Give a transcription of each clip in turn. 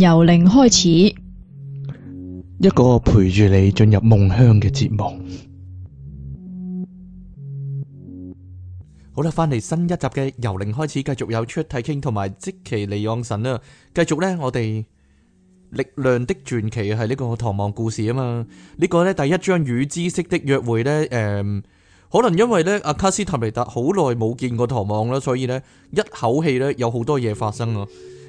由零開始，一個陪住你進入夢鄉嘅節目。好啦，翻嚟新一集嘅由零開始，繼續有出體傾同埋即其利昂神啦。繼續呢，我哋力量的傳奇係呢個《唐望故事》啊嘛。呢、這個呢，第一章與知識的約會呢，誒、嗯，可能因為呢阿卡斯塔尼達好耐冇見過唐望啦，所以呢，一口氣呢，有好多嘢發生啊。嗯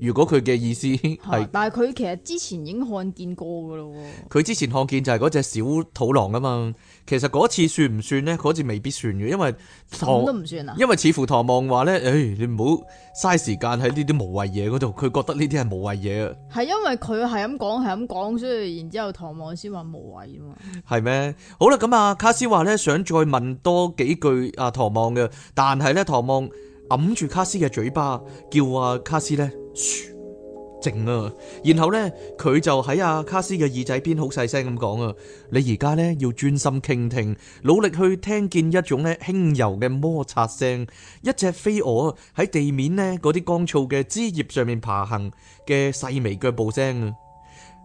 如果佢嘅意思係，但係佢其實之前已經看見過嘅咯。佢之前看見就係嗰隻小土狼啊嘛。其實嗰次算唔算咧？嗰次未必算嘅，因為唐都唔算啊。因為似乎唐望話咧，誒、哎，你唔好嘥時間喺呢啲無謂嘢嗰度。佢覺得呢啲係無謂嘢啊。係因為佢係咁講係咁講，所以然之後唐望先話無謂啊嘛。係咩？好啦，咁啊，卡斯話咧想再問多幾句阿、啊、唐望嘅，但係咧唐望揞住卡斯嘅嘴巴，叫阿、啊、卡斯咧。噓靜啊！然後呢，佢就喺阿卡斯嘅耳仔邊好細聲咁講啊：你而家呢，要專心傾聽，努力去聽見一種呢輕柔嘅摩擦聲，一隻飛蛾喺地面呢嗰啲乾燥嘅枝葉上面爬行嘅細微腳步聲啊！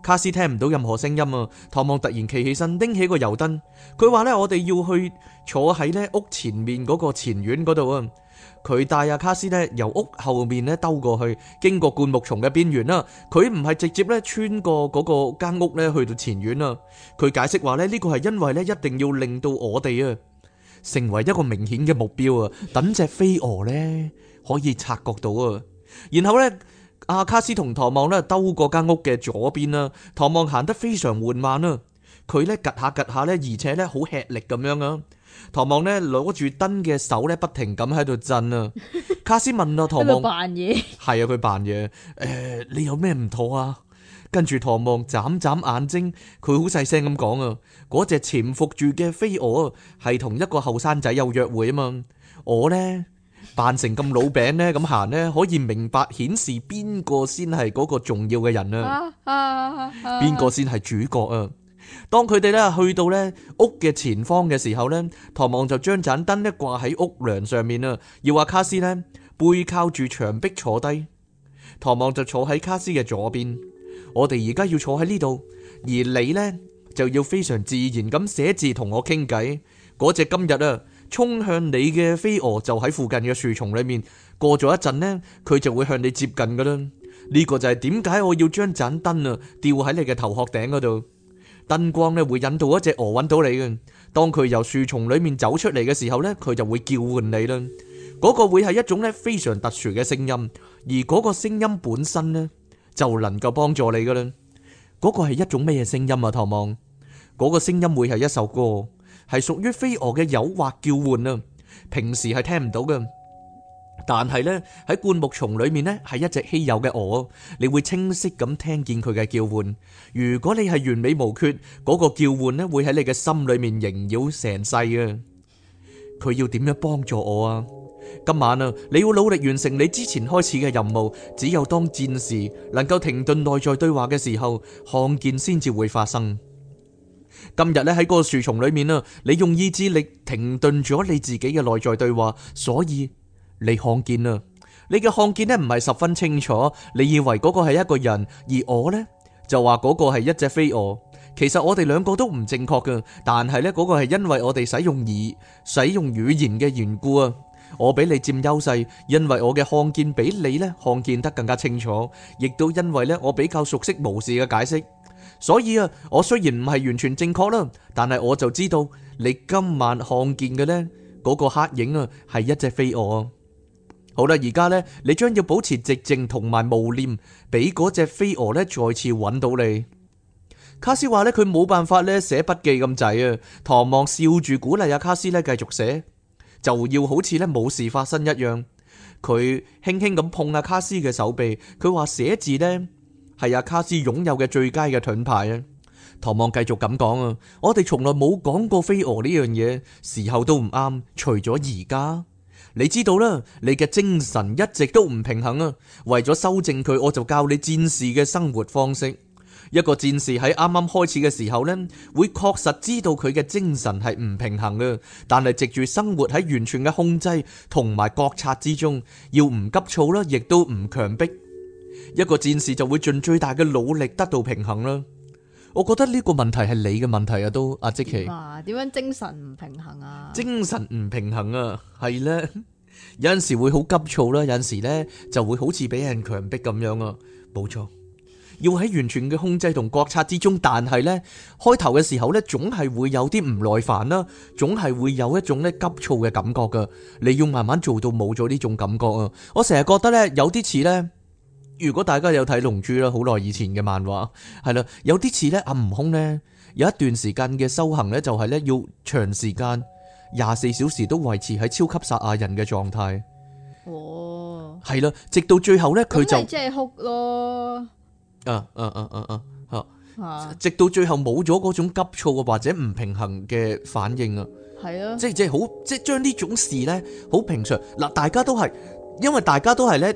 卡斯聽唔到任何聲音啊！唐望突然企起身，拎起個油燈，佢話呢，我哋要去坐喺呢屋前面嗰個前院嗰度啊！佢帶阿卡斯咧由屋後面咧兜過去，經過灌木叢嘅邊緣啦。佢唔係直接咧穿過嗰個間屋咧去到前院啦。佢、啊、解釋話咧呢、呢個係因為咧一定要令到我哋啊成為一個明顯嘅目標啊，等隻飛蛾咧可以察覺到啊。然後呢，阿卡斯同唐望咧兜過間屋嘅左邊啦。唐望行得非常緩慢啦，佢、啊、呢，趌下趌下咧，而且呢，好吃力咁樣啊。唐望呢攞住燈嘅手呢不停咁喺度震啊！卡斯問啊，唐望扮嘢？係啊，佢扮嘢。誒，你有咩唔妥啊？跟住唐望眨眨眼睛，佢好細聲咁講啊，嗰隻潛伏住嘅飛蛾係同一個後生仔有約會啊嘛。我呢扮成咁老餅呢，咁行呢，可以明白顯示邊個先係嗰個重要嘅人啊？邊個先係主角啊？當佢哋咧去到咧屋嘅前方嘅時候咧，唐望就將盞燈咧掛喺屋梁上面啦。要話卡斯呢背靠住牆壁坐低，唐望就坐喺卡斯嘅左邊。我哋而家要坐喺呢度，而你呢就要非常自然咁寫字同我傾偈。嗰隻今日啊，衝向你嘅飛蛾就喺附近嘅樹叢裏面。過咗一陣呢，佢就會向你接近噶啦。呢個就係點解我要將盞燈啊吊喺你嘅頭殼頂嗰度。燈光咧會引導一隻蛾揾到你嘅，當佢由樹叢裏面走出嚟嘅時候咧，佢就會叫喚你啦。嗰個會係一種咧非常特殊嘅聲音，而嗰個聲音本身呢，就能夠幫助你噶啦。嗰個係一種咩嘢聲音啊？唐望，嗰個聲音會係一首歌，係屬於飛蛾嘅誘惑叫喚啊。平時係聽唔到噶。但係呢，喺灌木叢裏面呢，係一隻稀有嘅鵝，你會清晰咁聽見佢嘅叫喚。如果你係完美無缺，嗰個叫喚呢，會喺你嘅心裏面縈繞成世啊。佢要點樣幫助我啊？今晚啊，你要努力完成你之前開始嘅任務。只有當戰士能夠停頓內在對話嘅時候，看見先至會發生。今日呢，喺個樹叢裏面啊，你用意志力停頓咗你自己嘅內在對話，所以，你看見啊，你嘅看見呢，唔係十分清楚。你以為嗰個係一個人，而我呢就話嗰個係一隻飛蛾。其實我哋兩個都唔正確嘅，但係呢，嗰個係因為我哋使用語、使用語言嘅緣故啊。我比你佔優勢，因為我嘅看見比你呢看見得更加清楚，亦都因為呢，我比較熟悉巫師嘅解釋。所以啊，我雖然唔係完全正確啦，但係我就知道你今晚看見嘅呢，嗰個黑影啊係一隻飛蛾。好啦，而家呢，你將要保持寂靜同埋無念，俾嗰隻飛蛾呢再次揾到你。卡斯話呢，佢冇辦法呢寫筆記咁滯啊！唐望笑住鼓勵阿卡斯呢繼續寫，就要好似呢冇事發生一樣。佢輕輕咁碰阿卡斯嘅手臂，佢話寫字呢，係阿卡斯擁有嘅最佳嘅盾牌啊！唐望繼續咁講啊，我哋從來冇講過飛蛾呢樣嘢，時候都唔啱，除咗而家。你知道啦，你嘅精神一直都唔平衡啊！為咗修正佢，我就教你戰士嘅生活方式。一個戰士喺啱啱開始嘅時候咧，會確實知道佢嘅精神係唔平衡嘅，但係藉住生活喺完全嘅控制同埋覺察之中，要唔急躁啦，亦都唔強迫。一個戰士就會盡最大嘅努力得到平衡啦。我覺得呢個問題係你嘅問題啊，都阿即琪，點啊？點樣精神唔平衡啊？精神唔平衡啊，係呢， 有陣時會好急躁啦，有陣時咧就會好似俾人強迫咁樣啊，冇錯，要喺完全嘅控制同覺察之中，但係呢，開頭嘅時候呢，總係會有啲唔耐煩啦，總係會有一種咧急躁嘅感覺噶，你要慢慢做到冇咗呢種感覺啊，我成日覺得呢，有啲似呢。如果大家有睇《龍珠》啦，好耐以前嘅漫畫，係啦，有啲似咧阿悟空咧，有一段時間嘅修行咧，就係咧要長時間廿四小時都維持喺超級殺亞人嘅狀態。哦，係啦，直到最後咧，佢就即係哭咯。啊啊啊啊啊！吓，直到最後冇咗嗰種急躁啊，或者唔平衡嘅反應啊，係咯，即係即係好，即係將呢種事咧好平常。嗱，大家都係，因為大家都係咧。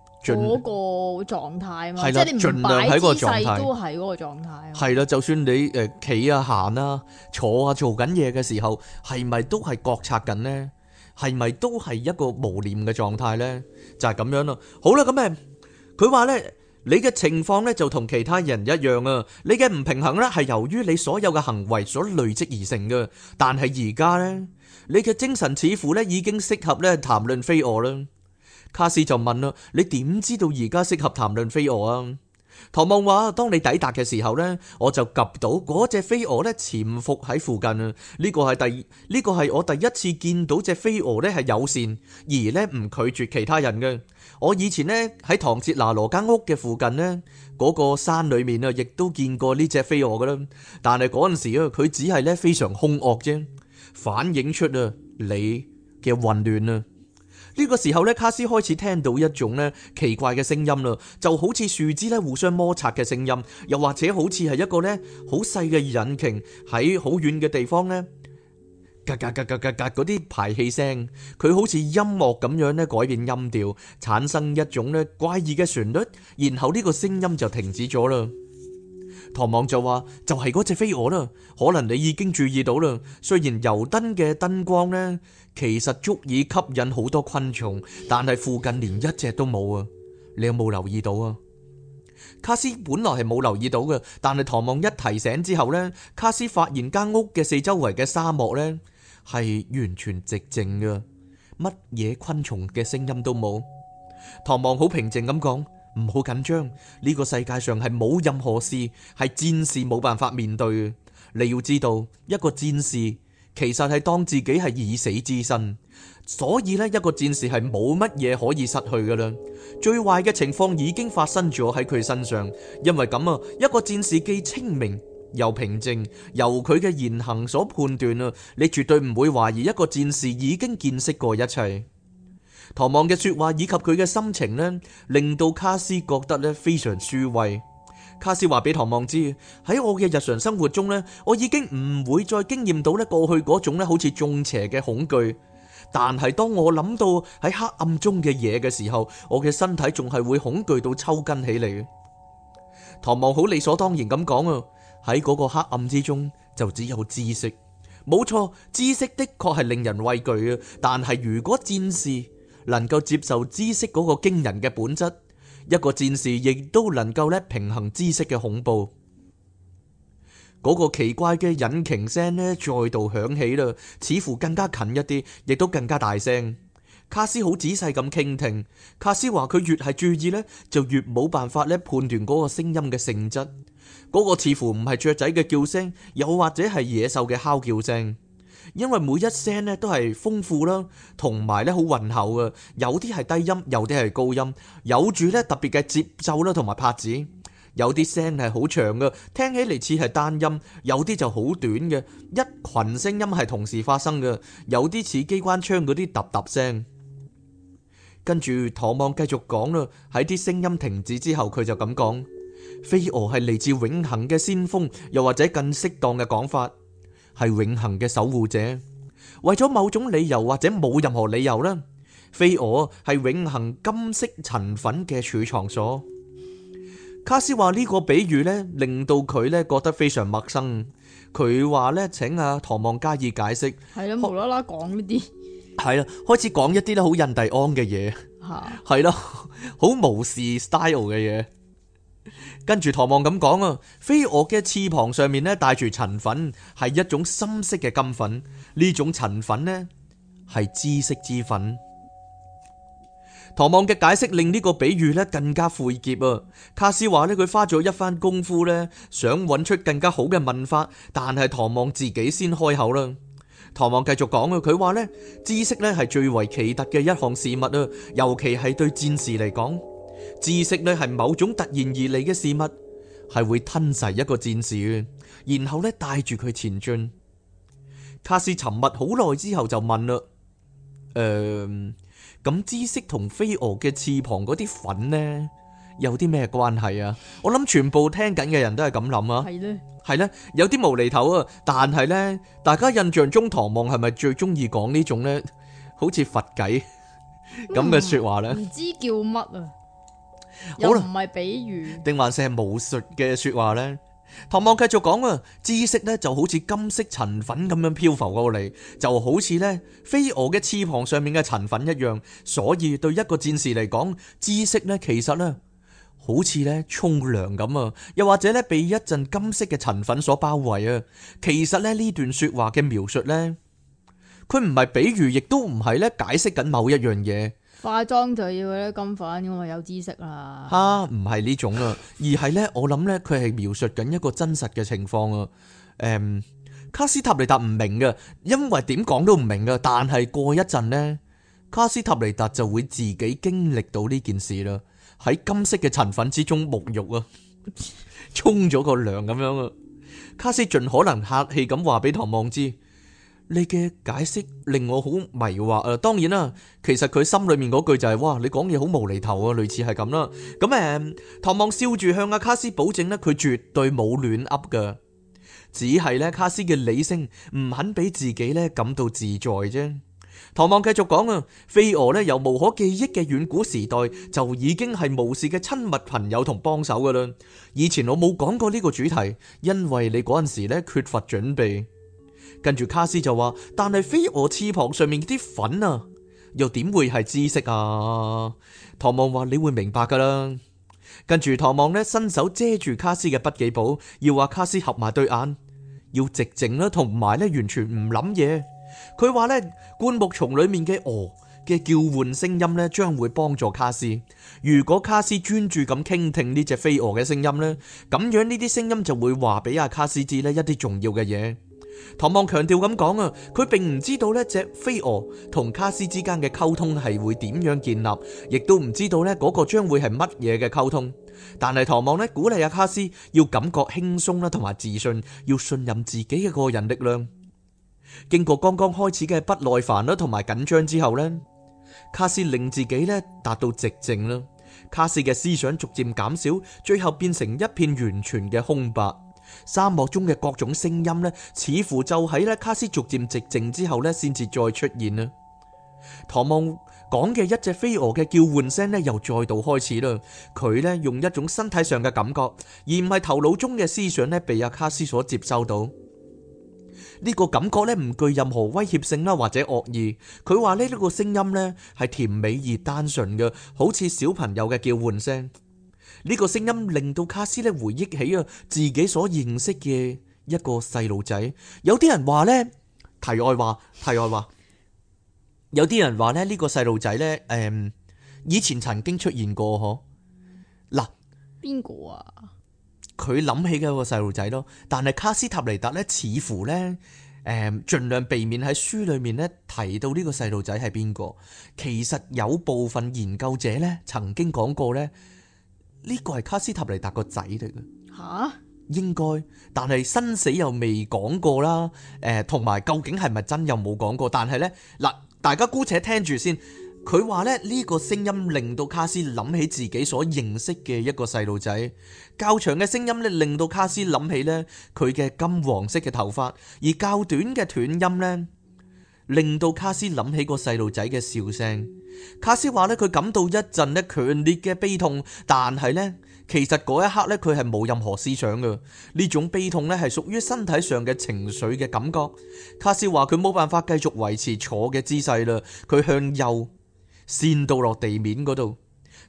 嗰個狀態啊嘛，係啦，即係你唔盡量喺都係嗰個狀態。係啦，就算你誒企啊、行啊、坐啊、做緊嘢嘅時候，係咪都係覺察緊咧？係咪都係一個無念嘅狀態咧？就係咁樣咯。好啦，咁誒，佢話咧，你嘅情況咧就同其他人一樣啊。你嘅唔平衡咧係由於你所有嘅行為所累積而成嘅。但係而家咧，你嘅精神似乎咧已經適合咧談論非我啦。卡斯就問啦：你點知道而家適合談論飛蛾啊？唐望話：當你抵達嘅時候呢，我就及到嗰隻飛蛾呢潛伏喺附近啊。呢、呢個係第呢個係我第一次見到隻飛蛾呢係友善而呢唔拒絕其他人嘅。我以前呢喺唐哲拿羅間屋嘅附近呢，嗰、嗰個山裏面啊，亦都見過呢隻飛蛾噶啦。但係嗰陣時啊，佢只係呢非常凶惡啫，反映出啊你嘅混亂啊。呢個時候呢，卡斯開始聽到一種咧奇怪嘅聲音啦，就好似樹枝咧互相摩擦嘅聲音，又或者好似係一個咧好細嘅引擎喺好遠嘅地方呢，格格格格格嗰啲排氣聲，佢好似音樂咁樣咧改變音調，產生一種咧怪異嘅旋律，然後呢個聲音就停止咗啦。唐望就話：就係嗰隻飛蛾啦，可能你已經注意到啦。雖然油燈嘅燈光呢，其實足以吸引好多昆蟲，但係附近連一隻都冇啊。你有冇留意到啊？卡斯本來係冇留意到嘅，但係唐望一提醒之後呢，卡斯發現間屋嘅四周圍嘅沙漠呢，係完全寂靜嘅，乜嘢昆蟲嘅聲音都冇。唐望好平靜咁講。唔好緊張，呢個世界上係冇任何事係戰士冇辦法面對嘅。你要知道，一個戰士其實係當自己係以死之身，所以呢，一個戰士係冇乜嘢可以失去㗎喇。最壞嘅情況已經發生咗喺佢身上，因為咁啊，一個戰士既清明又平靜，由佢嘅言行所判斷啊，你絕對唔會懷疑一個戰士已經見識過一切。唐望嘅說話以及佢嘅心情呢，令到卡斯覺得呢非常舒慰。卡斯話俾唐望知，喺我嘅日常生活中呢，我已經唔會再經驗到呢過去嗰種呢好似中邪嘅恐懼。但係當我諗到喺黑暗中嘅嘢嘅時候，我嘅身體仲係會恐懼到抽筋起嚟嘅。唐望好理所當然咁講啊，喺嗰個黑暗之中就只有知識，冇錯，知識的確係令人畏懼啊。但係如果戰士。能夠接受知識嗰個驚人嘅本質，一個戰士亦都能夠咧平衡知識嘅恐怖。嗰、那個奇怪嘅引擎聲咧再度響起啦，似乎更加近一啲，亦都更加大聲。卡斯好仔細咁傾聽，卡斯話佢越係注意咧，就越冇辦法咧判斷嗰個聲音嘅性質。嗰、那個似乎唔係雀仔嘅叫聲，又或者係野獸嘅嚎叫聲。因為每一聲咧都係豐富啦，同埋咧好混厚嘅，有啲係低音，有啲係高音，有住咧特別嘅節奏啦，同埋拍子，有啲聲係好長嘅，聽起嚟似係單音，有啲就好短嘅，一群聲音係同時發生嘅，有啲似機關槍嗰啲揼揼聲。跟住，唐望繼續講啦，喺啲聲音停止之後，佢就咁講：飛蛾係嚟自永恆嘅先鋒，又或者更適當嘅講法。係永恆嘅守護者，為咗某種理由或者冇任何理由啦，飛蛾係永恆金色塵粉嘅儲藏所。卡斯話呢個比喻咧，令到佢咧覺得非常陌生。佢話咧，請阿唐望加以解釋。係啦，無啦啦講呢啲。係啦，開始講一啲咧好印第安嘅嘢。吓係啦，好武士 style 嘅嘢。跟住唐望咁講啊，飛蛾嘅翅膀上面咧帶住塵粉，係一種深色嘅金粉。呢種塵粉呢係知識之粉。唐望嘅解釋令呢個比喻咧更加晦澀啊。卡斯話咧佢花咗一番功夫咧，想揾出更加好嘅問法，但係唐望自己先開口啦。唐望繼續講啊，佢話呢，知識咧係最為奇特嘅一項事物啊，尤其係對戰士嚟講。知識咧係某種突然而嚟嘅事物，係會吞噬一個戰士，然後咧帶住佢前進。卡士沉默好耐之後就問啦，誒，咁知識同飛蛾嘅翅膀嗰啲粉呢，有啲咩關係啊？我諗全部聽緊嘅人都係咁諗啊。係咧，係咧，有啲無厘頭啊。但係咧，大家印象中唐望係咪最中意講呢種咧，好似佛偈咁嘅說話咧？唔知叫乜啊？又唔係比喻，定還是係武術嘅說話呢？唐望繼續講啊，知識呢就好似金色塵粉咁樣漂浮過嚟，就好似呢飛蛾嘅翅膀上面嘅塵粉一樣。所以對一個戰士嚟講，知識呢其實呢好似呢沖涼咁啊，又或者呢被一陣金色嘅塵粉所包圍啊。其實呢呢段說話嘅描述呢，佢唔係比喻，亦都唔係呢解釋緊某一樣嘢。化妝就要嗰啲金粉噶嘛，有知識啦。吓，唔係呢種啊，而係咧，我諗咧佢係描述緊一個真實嘅情況啊。誒，卡斯塔尼達唔明噶，因為點講都唔明噶。但係過一陣咧，卡斯塔尼達就會自己經歷到呢件事啦。喺金色嘅塵粉之中沐浴啊，沖咗個涼咁樣啊。卡斯盡可能客氣咁話俾唐望知。你嘅解釋令我好迷惑啊！當然啦、啊，其實佢心裏面嗰句就係、是、哇，你講嘢好無厘頭啊，類似係咁啦。咁、嗯、誒，唐望笑住向阿卡斯保證呢佢絕對冇亂噏嘅，只係呢，卡斯嘅理性唔肯俾自己呢感到自在啫。唐望繼續講啊，飛蛾呢由無可記憶嘅遠古時代就已經係無視嘅親密朋友同幫手噶啦。以前我冇講過呢個主題，因為你嗰陣時呢缺乏準備。跟住卡斯就話，但係飛蛾翅膀上面啲粉啊，又點會係知識啊？唐望話你會明白噶啦。跟住唐望呢伸手遮住卡斯嘅筆記簿，要話卡斯合埋對眼，要寂靜啦，同埋呢完全唔諗嘢。佢話呢，灌木叢裏面嘅蛾嘅叫喚聲音呢，將會幫助卡斯。如果卡斯專注咁傾聽呢隻飛蛾嘅聲音呢，咁樣呢啲聲音就會話俾阿卡斯知呢一啲重要嘅嘢。唐望強調咁講啊，佢並唔知道呢隻飛蛾同卡斯之間嘅溝通係會點樣建立，亦都唔知道呢嗰個將會係乜嘢嘅溝通。但係唐望呢，鼓勵阿卡斯要感覺輕鬆啦，同埋自信，要信任自己嘅個人力量。經過剛剛開始嘅不耐煩啦，同埋緊張之後呢，卡斯令自己呢達到寂靜啦。卡斯嘅思想逐漸減少，最後變成一片完全嘅空白。沙漠中嘅各種聲音呢，似乎就喺咧卡斯逐漸寂靜之後咧，先至再出現啦。唐望講嘅一隻飛蛾嘅叫喚聲呢，又再度開始啦。佢呢，用一種身體上嘅感覺，而唔係頭腦中嘅思想呢，被阿卡斯所接受到。呢個感覺呢，唔具任何威脅性啦，或者惡意。佢話咧，呢個聲音呢，係甜美而單純嘅，好似小朋友嘅叫喚聲。呢個聲音令到卡斯咧回憶起啊自己所認識嘅一個細路仔。有啲人話呢，題外話，題外話，有啲人話呢，呢、這個細路仔呢，誒、嗯，以前曾經出現過嗬。嗱，邊個啊？佢諗、啊、起嘅個細路仔咯，但係卡斯塔尼達呢，似乎呢，誒、嗯，盡量避免喺書裏面呢提到呢個細路仔係邊個。其實有部分研究者呢，曾經講過呢。呢個係卡斯塔尼達個仔嚟嘅，嚇應該，但係生死又未講過啦。誒，同埋究竟係咪真又冇講過，但係呢嗱，大家姑且聽住先。佢話呢，呢個聲音令到卡斯諗起自己所認識嘅一個細路仔，較長嘅聲音呢令到卡斯諗起呢佢嘅金黃色嘅頭髮，而較短嘅斷音呢，令到卡斯諗起個細路仔嘅笑聲，卡斯話呢，佢感到一陣呢強烈嘅悲痛，但係呢，其實嗰一刻呢，佢係冇任何思想嘅，呢種悲痛呢，係屬於身體上嘅情緒嘅感覺。卡斯話佢冇辦法繼續維持坐嘅姿勢啦，佢向右扇到落地面嗰度。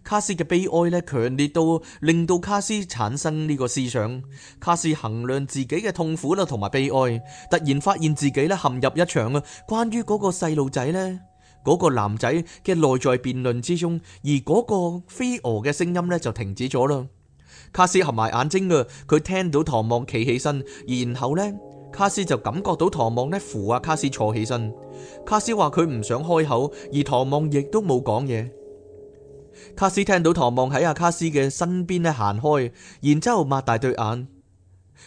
卡斯嘅悲哀咧，強烈到令到卡斯產生呢個思想。卡斯衡量自己嘅痛苦啦，同埋悲哀，突然發現自己咧陷入一場啊，關於嗰個細路仔呢，嗰個男仔嘅內在辯論之中，而嗰個飛蛾嘅聲音咧就停止咗啦。卡斯合埋眼睛啦，佢聽到唐望企起身，然後呢，卡斯就感覺到唐望呢扶阿卡斯坐起身。卡斯話佢唔想開口，而唐望亦都冇講嘢。卡斯聽到唐望喺阿卡斯嘅身邊咧行開，然之後擘大對眼。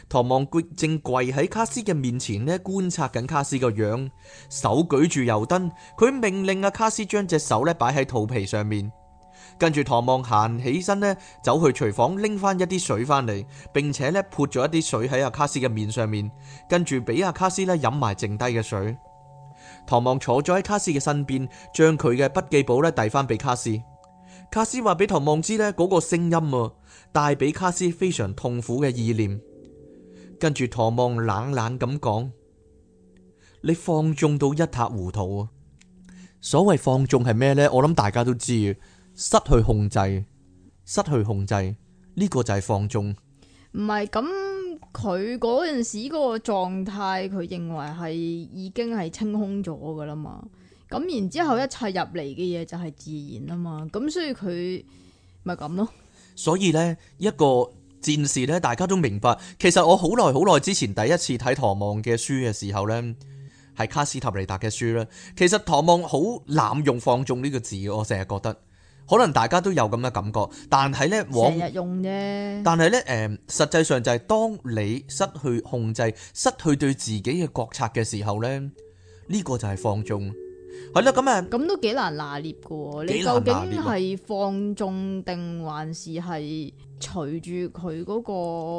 唐望正跪喺卡斯嘅面前咧，觀察緊卡斯個樣，手舉住油燈。佢命令阿卡斯將隻手咧擺喺肚皮上面，跟住唐望行起身咧，走去廚房拎翻一啲水翻嚟，並且咧潑咗一啲水喺阿卡斯嘅面上面，跟住俾阿卡斯咧飲埋剩低嘅水。唐望坐咗喺卡斯嘅身邊，將佢嘅筆記簿咧遞翻俾卡斯。卡斯話俾唐望知呢嗰、嗰個聲音啊，帶俾卡斯非常痛苦嘅意念。跟住唐望冷冷咁講：你放縱到一塌糊塗啊！所謂放縱係咩呢？我諗大家都知，失去控制，失去控制呢、呢個就係放縱。唔係咁，佢嗰陣時嗰個狀態，佢認為係已經係清空咗噶啦嘛。咁然之後一切入嚟嘅嘢就係自然啊嘛，咁所以佢咪咁咯。所以呢一個戰士呢，大家都明白。其實我好耐好耐之前第一次睇唐望嘅書嘅時候呢，係卡斯塔尼達嘅書呢，其實唐望好濫用放縱呢個字，我成日覺得，可能大家都有咁嘅感覺。但係呢，往成日用啫。但係呢，誒、呃，實際上就係當你失去控制、失去對自己嘅覺察嘅時候呢，呢、這個就係放縱。係啦，咁啊，咁都幾難拿捏噶喎。你究竟係放縱定還是係隨住佢嗰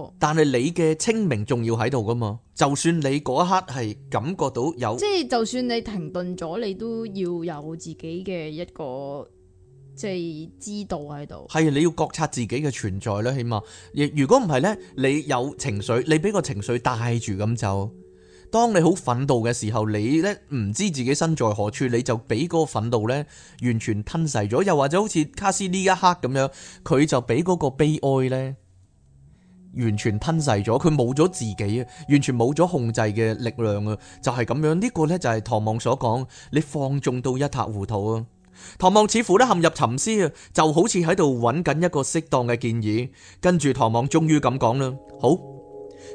個？但係你嘅清明仲要喺度噶嘛？就算你嗰一刻係感覺到有，即係就，就算你停頓咗，你都要有自己嘅一個即係、就是、知道喺度。係你要覺察自己嘅存在啦，起碼。亦如果唔係咧，你有情緒，你俾個情緒帶住咁就。當你好憤怒嘅時候，你咧唔知自己身在何處，你就俾嗰個憤怒咧完全吞噬咗。又或者好似卡斯呢一刻咁樣，佢就俾嗰個悲哀咧完全吞噬咗。佢冇咗自己啊，完全冇咗控制嘅力量啊，就係咁樣。呢個呢，就係唐望所講，你放縱到一塌糊塗啊。唐望似乎咧陷入沉思啊，就好似喺度揾緊一個適當嘅建議。跟住唐望終於咁講啦，好。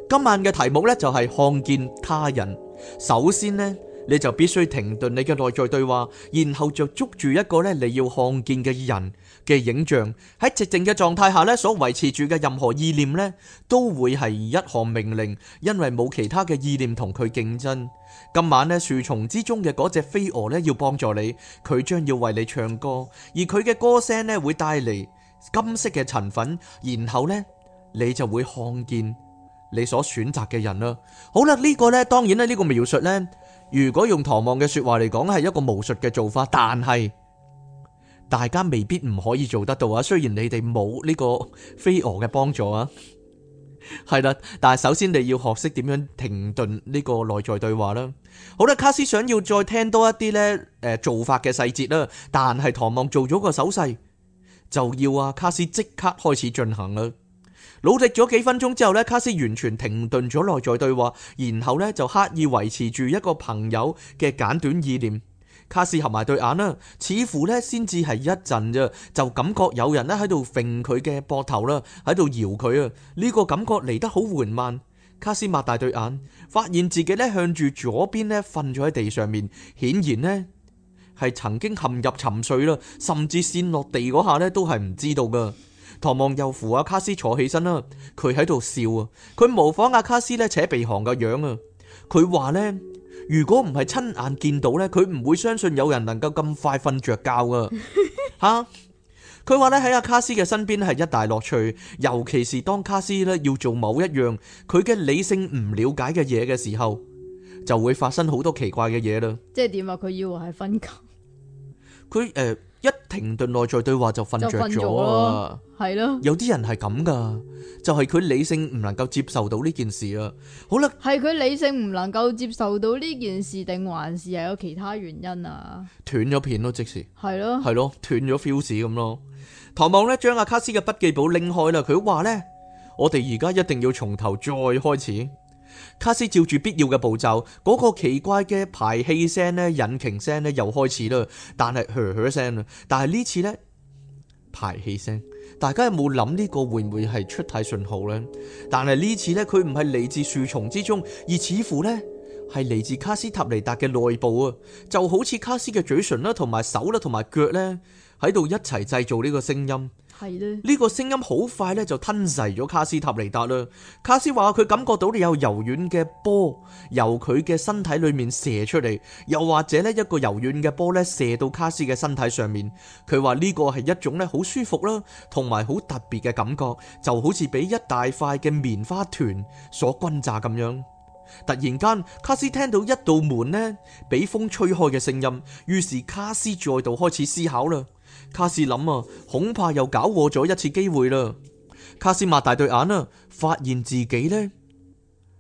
今晚嘅題目呢，就係、是、看見他人。首先呢，你就必須停頓你嘅內在對話，然後就捉住一個呢你要看見嘅人嘅影像。喺寂靜嘅狀態下呢，所維持住嘅任何意念呢，都會係一項命令，因為冇其他嘅意念同佢競爭。今晚呢，樹叢之中嘅嗰隻飛蛾呢，要幫助你，佢將要為你唱歌，而佢嘅歌聲呢，會帶嚟金色嘅塵粉，然後呢，你就會看見。你所選擇嘅人啦，好啦，呢個呢，當然咧，呢個描述呢，如果用唐望嘅説話嚟講係一個巫術嘅做法，但係大家未必唔可以做得到啊。雖然你哋冇呢個飛蛾嘅幫助啊，係 啦，但係首先你要學識點樣停頓呢個內在對話啦。好啦，卡斯想要再聽多一啲呢誒做法嘅細節啦，但係唐望做咗個手勢，就要啊卡斯即刻開始進行啦。努力咗幾分鐘之後呢，卡斯完全停頓咗內在對話，然後呢就刻意維持住一個朋友嘅簡短意念。卡斯合埋對眼啦，似乎呢先至係一陣咋，就感覺有人呢喺度揈佢嘅膊頭啦，喺度搖佢啊！呢個感覺嚟得好緩慢。卡斯擘大對眼，發現自己呢向住左邊呢瞓咗喺地上面，顯然呢係曾經陷入沉睡啦，甚至先落地嗰下呢都係唔知道噶。唐望又扶阿卡斯坐起身啦，佢喺度笑啊，佢模仿阿卡斯呢扯鼻鼾嘅樣啊，佢話呢，如果唔係親眼見到呢，佢唔會相信有人能夠咁快瞓着覺噶吓，佢話呢，喺阿卡斯嘅身邊係一大樂趣，尤其是當卡斯呢要做某一樣佢嘅理性唔了解嘅嘢嘅時候，就會發生好多奇怪嘅嘢啦。即係點啊？佢以為係瞓覺。佢誒。一停頓內在對話就瞓着咗啊，係咯，有啲人係咁噶，就係、是、佢理性唔能夠接受到呢件事啊。好啦，係佢理性唔能夠接受到呢件事，定還是係有其他原因啊？斷咗片咯，即時係咯，係咯的，斷咗 feel 子咁咯。唐望呢將阿卡斯嘅筆記簿拎開啦，佢話呢，我哋而家一定要從頭再開始。卡斯照住必要嘅步驟，嗰個奇怪嘅排氣聲呢，引擎聲呢，又開始啦，但係呵呵聲啦，但係呢次呢，排氣聲，大家有冇諗呢個會唔會係出體信號呢？但係呢次呢，佢唔係嚟自樹叢之中，而似乎呢。係嚟自卡斯塔尼達嘅內部啊，就好似卡斯嘅嘴唇啦、同埋手啦、同埋腳呢，喺度一齊製造呢個聲音。係呢個聲音好快呢，就吞噬咗卡斯塔尼達啦。卡斯話佢感覺到你有柔軟嘅波由佢嘅身體裏面射出嚟，又或者呢一個柔軟嘅波呢射到卡斯嘅身體上面。佢話呢個係一種呢好舒服啦，同埋好特別嘅感覺，就好似俾一大塊嘅棉花團所轟炸咁樣。突然間，卡斯聽到一道門呢，俾風吹開嘅聲音，於是卡斯再度開始思考啦。卡斯諗啊，恐怕又搞錯咗一次機會啦。卡斯擘大對眼啦，發現自己呢，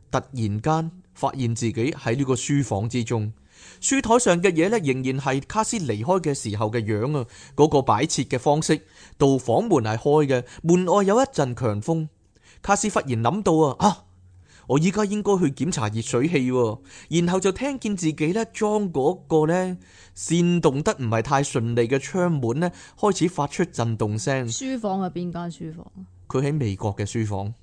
突然間發現自己喺呢個書房之中，書台上嘅嘢呢仍然係卡斯離開嘅時候嘅樣啊，嗰個擺設嘅方式，道房門係開嘅，門外有一陣強風。卡斯忽然諗到啊，啊！我依家應該去檢查熱水器，然後就聽見自己咧裝嗰個咧煽動得唔係太順利嘅窗門咧開始發出震動聲。書房係邊間書房？佢喺美國嘅書房。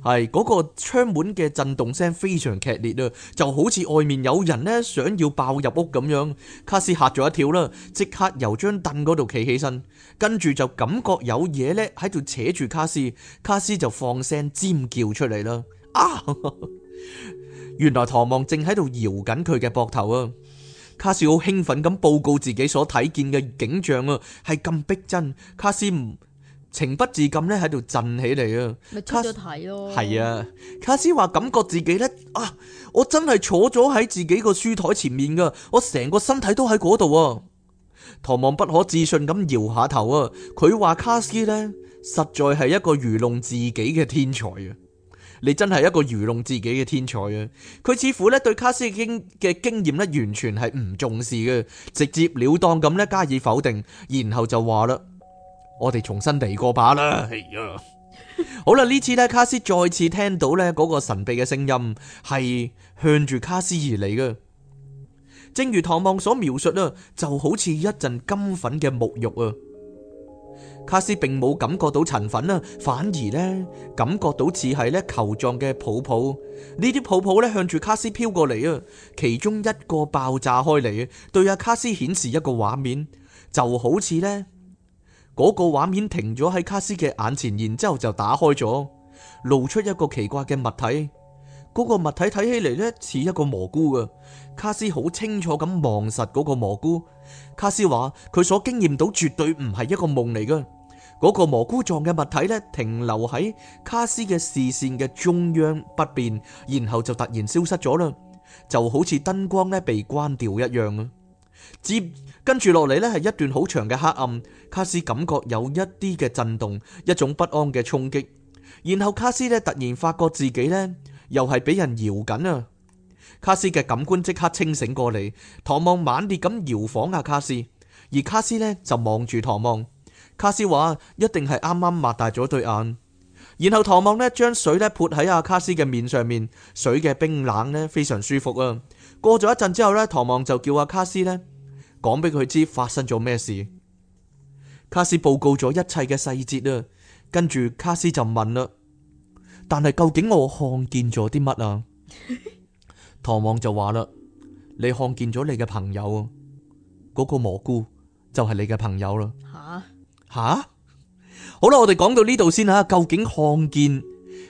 係嗰個窗門嘅震動聲非常劇烈啊，就好似外面有人咧想要爆入屋咁樣。卡斯吓咗一跳啦，即刻由張凳嗰度企起身，跟住就感覺有嘢咧喺度扯住卡斯，卡斯就放聲尖叫出嚟啦。啊！原來唐望正喺度搖緊佢嘅膊頭啊！卡斯好興奮咁報告自己所睇見嘅景象啊，係咁逼真。卡斯唔情不自禁咧喺度震起嚟啊！咪出咗題咯！係啊！卡斯話感覺自己呢啊，我真係坐咗喺自己個書台前面噶，我成個身體都喺嗰度啊！唐望不可置信咁搖下頭啊！佢話卡斯呢，實在係一個愚弄自己嘅天才啊！你真係一個愚弄自己嘅天才啊！佢似乎咧對卡斯嘅經嘅經驗咧完全係唔重視嘅，直接了當咁咧加以否定，然後就話啦：我哋重新嚟過把啦。係啊 ，好啦，呢次咧卡斯再次聽到呢嗰個神秘嘅聲音係向住卡斯而嚟嘅，正如唐望所描述啊，就好似一陣金粉嘅沐浴啊。卡斯並冇感覺到塵粉啊，反而咧感覺到似係咧球狀嘅泡泡。呢啲泡泡咧向住卡斯飄過嚟啊，其中一個爆炸開嚟，對阿卡斯顯示一個畫面，就好似呢嗰個畫面停咗喺卡斯嘅眼前，然之後就打開咗，露出一個奇怪嘅物體。嗰個物體睇起嚟咧似一個蘑菇噶。卡斯好清楚咁望實嗰個蘑菇。卡斯話佢所經驗到絕對唔係一個夢嚟噶，嗰個蘑菇狀嘅物體咧停留喺卡斯嘅視線嘅中央不變，然後就突然消失咗啦，就好似燈光咧被關掉一樣啊！接跟住落嚟呢，係一段好長嘅黑暗，卡斯感覺有一啲嘅震動，一種不安嘅衝擊，然後卡斯呢，突然發覺自己呢，又係俾人搖緊啊！卡斯嘅感官即刻清醒過嚟，唐望猛烈咁搖晃阿、啊、卡斯，而卡斯呢就望住唐望。卡斯話一定係啱啱擘大咗對眼，然後唐望呢將水呢潑喺阿卡斯嘅面上面，水嘅冰冷呢非常舒服啊。過咗一陣之後呢，唐望就叫阿、啊、卡斯呢講俾佢知發生咗咩事。卡斯報告咗一切嘅細節啊，跟住卡斯就問嘞：「但係究竟我看見咗啲乜啊？ 唐望就話啦，你看見咗你嘅朋友啊，嗰個蘑菇就係你嘅朋友啦。吓吓哈，好啦，我哋講到呢度先吓，究竟看見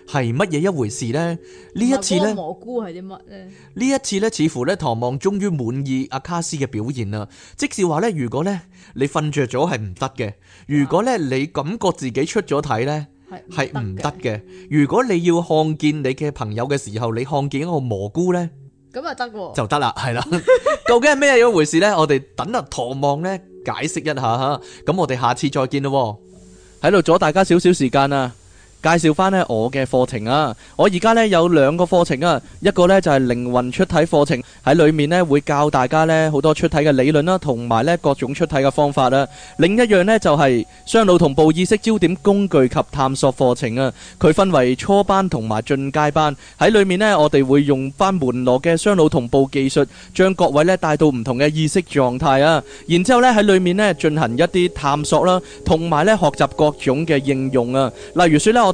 係乜嘢一回事呢？呢一次呢，那個、蘑菇係啲乜呢？呢一次呢，似乎呢，唐望終於滿意阿卡斯嘅表現啦。即是話呢，如果呢，你瞓着咗係唔得嘅，如果呢，你感覺自己出咗體呢，係唔得嘅，如果你要看見你嘅朋友嘅時候，你看見一個蘑菇呢。咁啊得，就得啦，係啦，究竟係咩一回事咧？我哋等阿唐望咧解釋一下吓，咁我哋下次再見咯，喺度阻大家少少時間啊！介紹翻呢我嘅課程啊！我而家呢有兩個課程啊，一個呢就係靈魂出體課程，喺裏面呢會教大家呢好多出體嘅理論啦，同埋呢各種出體嘅方法啊。另一樣呢就係雙腦同步意識焦點工具及探索課程啊。佢分為初班同埋進階班，喺裏面呢我哋會用翻門羅嘅雙腦同步技術，將各位呢帶到唔同嘅意識狀態啊。然之後呢喺裏面呢進行一啲探索啦，同埋呢學習各種嘅應用啊。例如説呢我。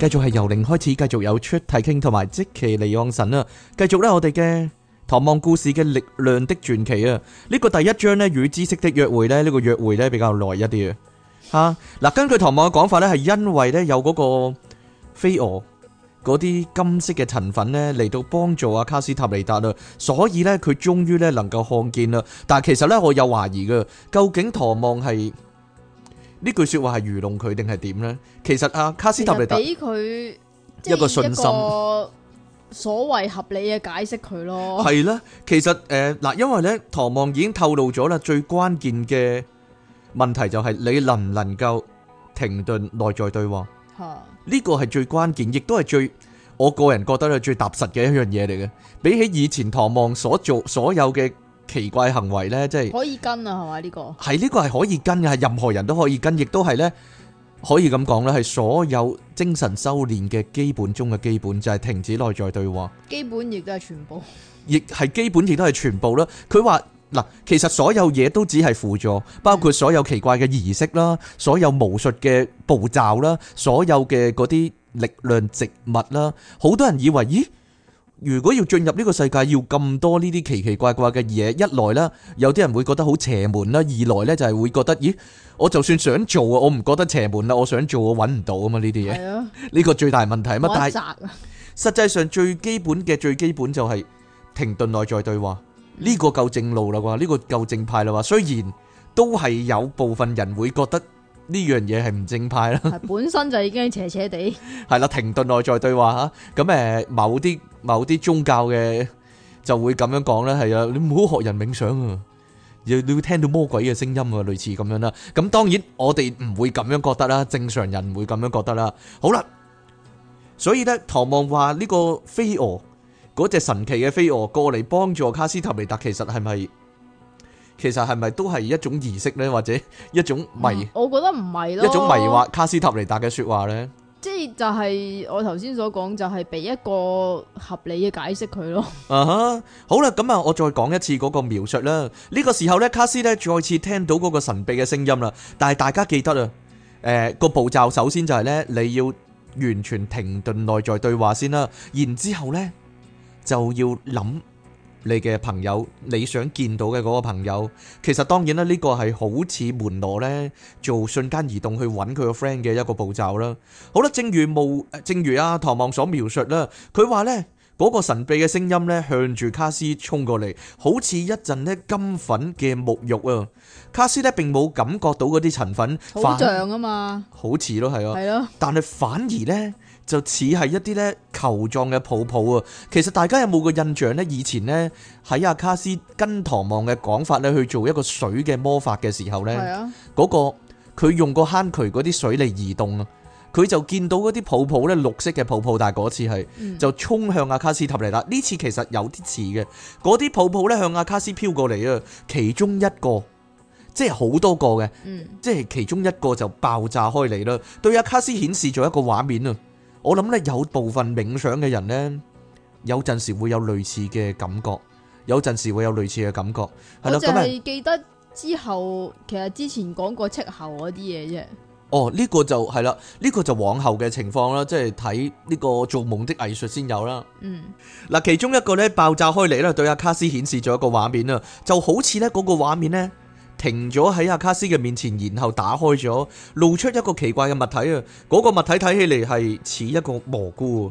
繼續係由零開始，繼續有出提傾同埋即其尼昂神啊！繼續呢，我哋嘅《唐望故事》嘅力量的傳奇啊！呢個第一章呢，與知識的約會呢，呢個約會呢比較耐一啲啊！吓嗱，根據唐望嘅講法呢，係因為呢有嗰個飛蛾嗰啲金色嘅塵粉呢嚟到幫助阿卡斯塔尼達啊，所以呢，佢終於呢能夠看見啦。但係其實呢，我有懷疑噶，究竟唐望係？呢句說話係愚弄佢定係點呢？其實阿卡斯特咪得俾佢一個信心，所謂合理嘅解釋佢咯。係啦，其實誒嗱，因為呢唐望已經透露咗啦，最關鍵嘅問題就係你能唔能夠停頓內在對話？呢個係最關鍵，亦都係最我個人覺得係最踏實嘅一樣嘢嚟嘅。比起以前唐望所做所有嘅。奇怪行為呢，即係可以跟啊，係咪呢個？係呢個係可以跟嘅，係任何人都可以跟，亦都係呢可以咁講啦，係所有精神修煉嘅基本中嘅基本，就係停止內在對話。基本亦都係全部，亦係基本亦都係全部啦。佢話嗱，其實所有嘢都只係輔助，包括所有奇怪嘅儀式啦，所有巫術嘅步驟啦，所有嘅嗰啲力量植物啦，好多人以為咦？如果要進入呢個世界，要咁多呢啲奇奇怪怪嘅嘢，一來咧，有啲人會覺得好邪門啦；二來呢就係會覺得，咦，我就算想做啊，我唔覺得邪門啦，我想做，我搵唔到啊嘛，呢啲嘢，呢個最大問題啊嘛。複雜啊！實際上最基本嘅最基本就係停頓內在對話，呢個夠正路啦，呢個夠正派啦。話雖然都係有部分人會覺得呢樣嘢係唔正派啦，本身就已經邪邪地係啦。停頓內在對話吓，咁誒，某啲。某啲宗教嘅，就會咁樣講咧，係啊，你唔好學人冥想啊，你你會聽到魔鬼嘅聲音啊，類似咁樣啦。咁當然我哋唔會咁樣覺得啦，正常人唔會咁樣覺得啦。好啦，所以咧，唐望話呢個飛蛾嗰隻神奇嘅飛蛾過嚟幫助卡斯塔尼達，其實係咪？其實係咪都係一種儀式咧，或者一種迷？我覺得唔係咯，一種迷惑卡斯塔尼達嘅說話咧。即係就係我頭先所講，就係俾一個合理嘅解釋佢咯。啊哈，好啦，咁啊，我再講一次嗰個描述啦。呢個時候咧，卡斯咧再次聽到嗰個神秘嘅聲音啦。但係大家記得啊，誒個步驟首先就係咧，你要完全停頓內在對話先啦，然之後咧就要諗。你嘅朋友，你想見到嘅嗰個朋友，其實當然啦，呢個係好似門羅呢，做瞬間移動去揾佢個 friend 嘅一個步驟啦。好啦，正如無，正如阿唐望所描述啦，佢話呢嗰個神秘嘅聲音呢，向住卡斯衝過嚟，好似一陣呢金粉嘅沐浴啊。卡斯呢並冇感覺到嗰啲塵粉，好像啊嘛，好似咯，係啊，但係反而呢。就似係一啲咧球狀嘅泡泡啊！其實大家有冇個印象呢？以前呢，喺阿卡斯跟唐望嘅講法咧，去做一個水嘅魔法嘅時候呢，嗰、啊嗰個佢用個坑渠嗰啲水嚟移動啊！佢就見到嗰啲泡泡咧，綠色嘅泡泡，但係嗰次係就衝向阿卡斯塔嚟啦。呢、嗯、次其實有啲似嘅，嗰啲泡泡咧向阿卡斯飄過嚟啊！其中一個，即係好多個嘅，嗯、即係其中一個就爆炸開嚟啦，對阿卡斯顯示咗一個畫面啊！我諗咧，有部分冥想嘅人呢，有陣時會有類似嘅感覺，有陣時會有類似嘅感覺，係咯咁啊。我記得之後，其實之前講過斥候嗰啲嘢啫。哦，呢、這個就係啦，呢、這個就往後嘅情況啦，即係睇呢個做夢的藝術先有啦。嗯，嗱，其中一個呢，爆炸開嚟呢，對阿卡斯顯示咗一個畫面啊，就好似呢嗰個畫面呢。停咗喺阿卡斯嘅面前，然後打開咗，露出一個奇怪嘅物體啊！嗰個物體睇起嚟係似一個蘑菇。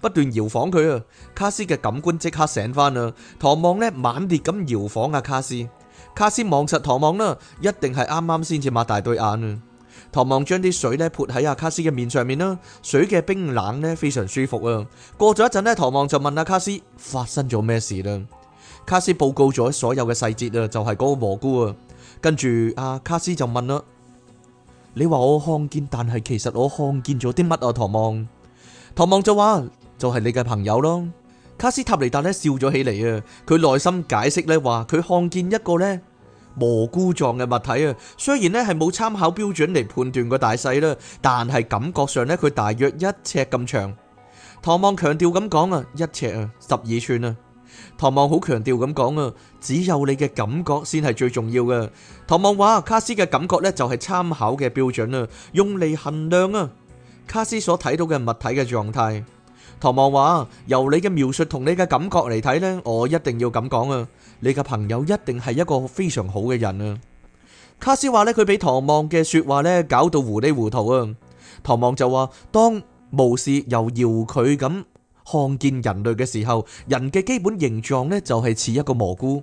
不斷搖晃佢啊！卡斯嘅感官即刻醒翻啊。唐望呢，猛烈咁搖晃阿卡斯，卡斯望實唐望啦，一定係啱啱先至擘大對眼啊！唐望將啲水呢，潑喺阿卡斯嘅面上面啦，水嘅冰冷呢，非常舒服啊！過咗一陣呢，唐望就問阿卡斯發生咗咩事啦？卡斯報告咗所有嘅細節啊，就係嗰個蘑菇啊！跟住阿卡斯就問啦：你話我看見，但係其實我看見咗啲乜啊？唐望，唐望就話。就係你嘅朋友咯。卡斯塔尼達咧笑咗起嚟啊，佢內心解釋咧話佢看見一個咧蘑菇狀嘅物體啊，雖然咧係冇參考標準嚟判斷個大細啦，但係感覺上咧佢大約一尺咁長。唐望強調咁講啊，一尺啊，十二寸啊。唐望好強調咁講啊，只有你嘅感覺先係最重要噶。唐望話卡斯嘅感覺咧就係參考嘅標準啦，用嚟衡量啊卡斯所睇到嘅物體嘅狀態。唐望話：由你嘅描述同你嘅感覺嚟睇呢，我一定要咁講啊！你嘅朋友一定係一個非常好嘅人啊！卡斯話呢，佢俾唐望嘅說話呢搞到糊裏糊塗啊！唐望就話：當巫士由遙距咁看見人類嘅時候，人嘅基本形狀呢就係似一個蘑菇；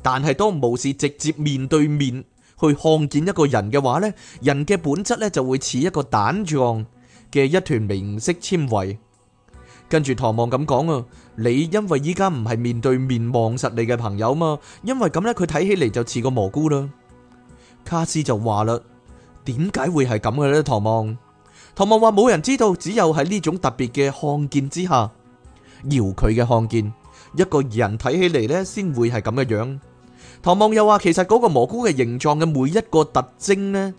但係當巫士直接面對面去看見一個人嘅話呢，人嘅本質呢就會似一個蛋狀嘅一團明色纖維。跟住唐望咁講啊，你因為依家唔係面對面望實你嘅朋友嘛，因為咁咧佢睇起嚟就似個蘑菇啦。卡斯就話啦，點解會係咁嘅咧？唐望，唐望話冇人知道，只有喺呢種特別嘅看見之下，遙距嘅看見，一個人睇起嚟咧，先會係咁嘅樣。唐望又話，其實嗰個蘑菇嘅形狀嘅每一個特徵呢。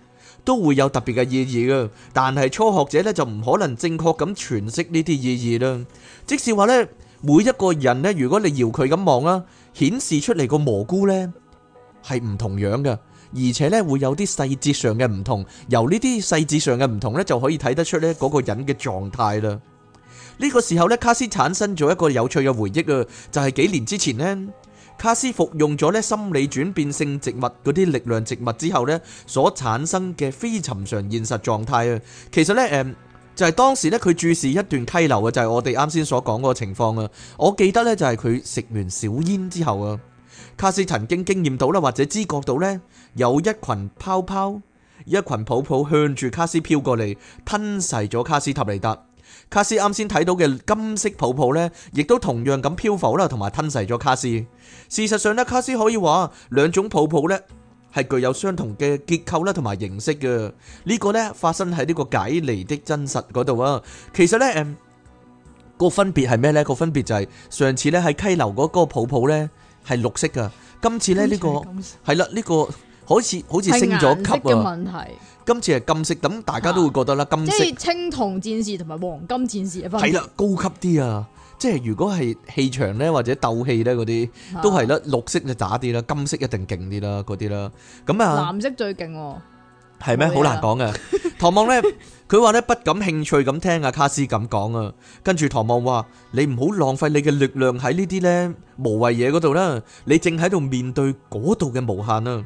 都會有特別嘅意義噶，但係初學者咧就唔可能正確咁詮釋呢啲意義啦。即使話呢，每一個人呢，如果你搖佢咁望啊，顯示出嚟個蘑菇呢係唔同樣嘅，而且呢，會有啲細節上嘅唔同，由呢啲細節上嘅唔同呢，就可以睇得出呢嗰個人嘅狀態啦。呢、這個時候呢，卡斯產生咗一個有趣嘅回憶啊，就係、是、幾年之前呢。卡斯服用咗咧心理轉變性植物嗰啲力量植物之後咧，所產生嘅非尋常現實狀態啊，其實咧誒、嗯、就係、是、當時咧佢注視一段溪流啊，就係、是、我哋啱先所講嗰個情況啊。我記得咧就係佢食完小煙之後啊，卡斯曾經經驗到啦，或者知覺到咧有一群泡泡、一羣泡泡向住卡斯飄過嚟，吞噬咗卡斯塔尼達。卡斯啱先睇到嘅金色泡泡呢，亦都同樣咁漂浮啦，同埋吞噬咗卡斯。事實上呢，卡斯可以話兩種泡泡呢係具有相同嘅結構啦，同埋形式嘅。呢個呢發生喺呢個解離的真實嗰度啊。其實呢，誒個分別係咩呢？個分別就係上次呢喺溪流嗰個泡泡呢係綠色嘅，今次呢呢個係啦呢個。好似好似升咗級嘅問題。今次係金色，咁大家都會覺得啦。金色、青銅戰士同埋黃金戰士係啦，高級啲啊。即係如果係氣場咧，或者鬥氣咧，嗰啲都係啦。綠色就渣啲啦，金色一定勁啲啦，嗰啲啦。咁啊，藍色最勁係咩？好難講啊。唐望咧，佢話咧不感興趣咁聽阿卡斯咁講啊。跟住唐望話：你唔好浪費你嘅力量喺呢啲咧無謂嘢嗰度啦。你正喺度面對嗰度嘅無限啊！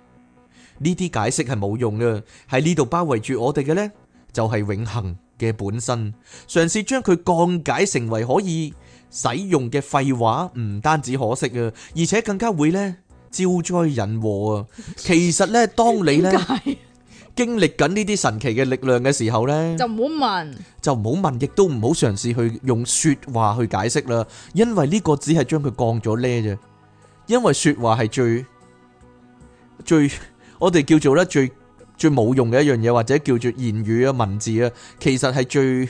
呢啲解釋係冇用嘅，喺呢度包圍住我哋嘅呢，就係永恒嘅本身。嘗試將佢降解成為可以使用嘅廢話，唔單止可惜啊，而且更加會呢招災引禍啊。其實呢，當你呢經歷緊呢啲神奇嘅力量嘅時候呢，就唔好問，就唔好問，亦都唔好嘗試去用說話去解釋啦，因為呢個只係將佢降咗呢啫，因為說話係最最。我哋叫做咧最最冇用嘅一樣嘢，或者叫做言語啊、文字啊，其實係最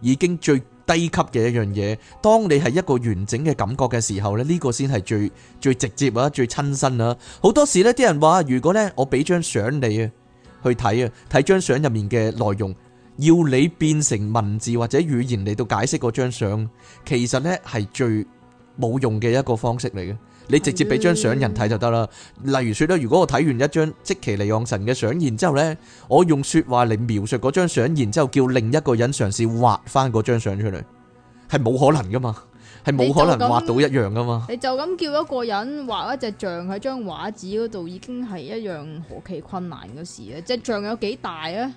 已經最低級嘅一樣嘢。當你係一個完整嘅感覺嘅時候咧，呢個先係最最直接啊、最親身啊。好多時咧，啲人話：如果咧我俾張相你啊，去睇啊，睇張相入面嘅內容，要你變成文字或者語言嚟到解釋嗰張相，其實咧係最冇用嘅一個方式嚟嘅。你直接俾張相人睇就得啦。例如說咧，如果我睇完一張即其利用神嘅相，然之後咧，我用說話嚟描述嗰張相，然之後叫另一個人嘗試畫翻嗰張相出嚟，係冇可能噶嘛，係冇可能畫到一樣噶嘛你樣。你就咁叫一個人畫一隻像喺張畫紙嗰度，已經係一樣何其困難嘅事啦！隻象有幾大啊？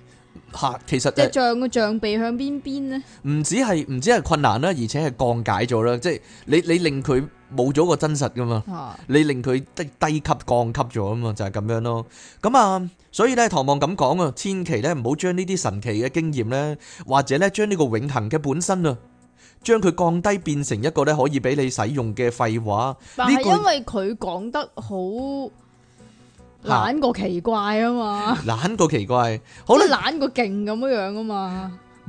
吓，其實隻像嘅象鼻向邊邊呢？唔止係唔止係困難啦，而且係降解咗啦。即係你你令佢。冇咗個真實噶嘛，你令佢低低級降級咗啊嘛，就係咁樣咯。咁啊，所以咧，唐望咁講啊，千祈咧唔好將呢啲神奇嘅經驗咧，或者咧將呢個永恆嘅本身啊，將佢降低變成一個咧可以俾你使用嘅廢話。但係因為佢講得好懶過奇怪啊嘛，懶過奇怪，好懶過勁咁樣樣啊嘛。